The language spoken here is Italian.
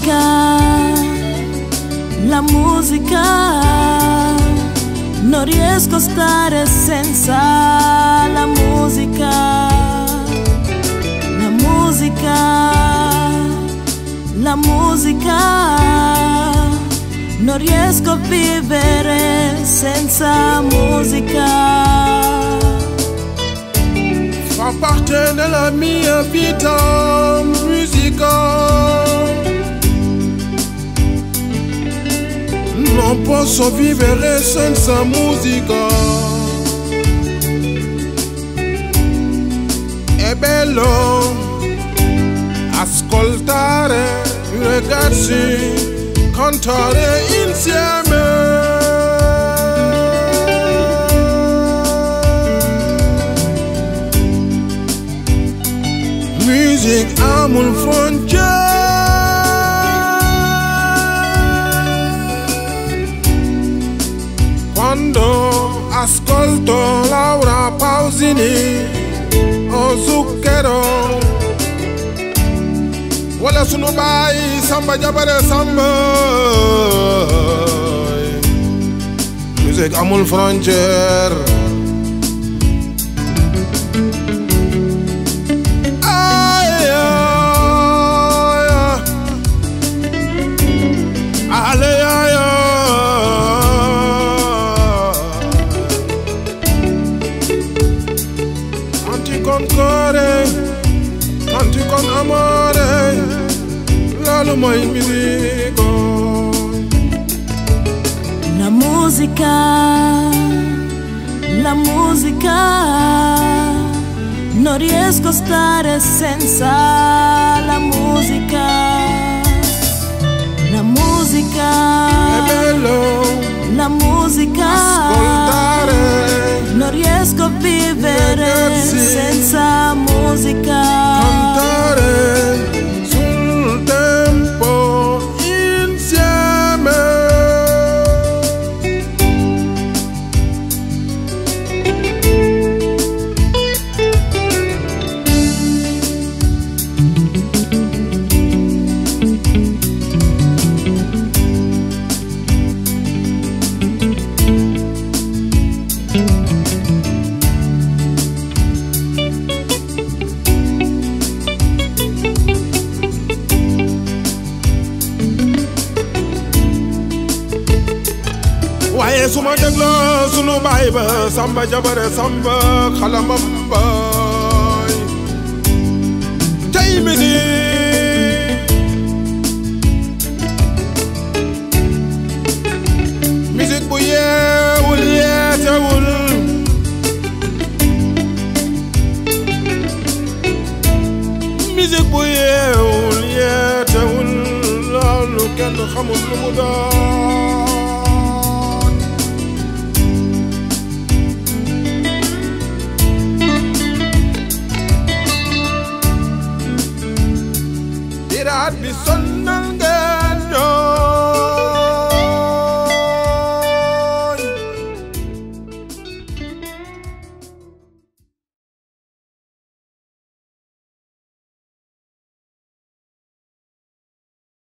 musica, la musica, non riesco a stare senza la musica, la musica, la musica, non riesco a vivere senza musica. Fa parte della mia vita musicale. non posso vivere senza musica. È bello ascoltare i ragazzi cantare insieme. Music, I'm on frontier. quando ascolto Laura Pausini o zucchero wala sunu baay samba jabare samba Music amul frontière Ale con cuore, anzi con amore, lalo mai mi dico. La musica, la musica, non riesco a stare senza la musica. música waaye su ma dégloo sunu baay ba samba jabare samba xalamam baay tey mi nii musique bu yeewul yeetewul musique bu yeewul yeetewul loolu kenn xamul lu mu doon sol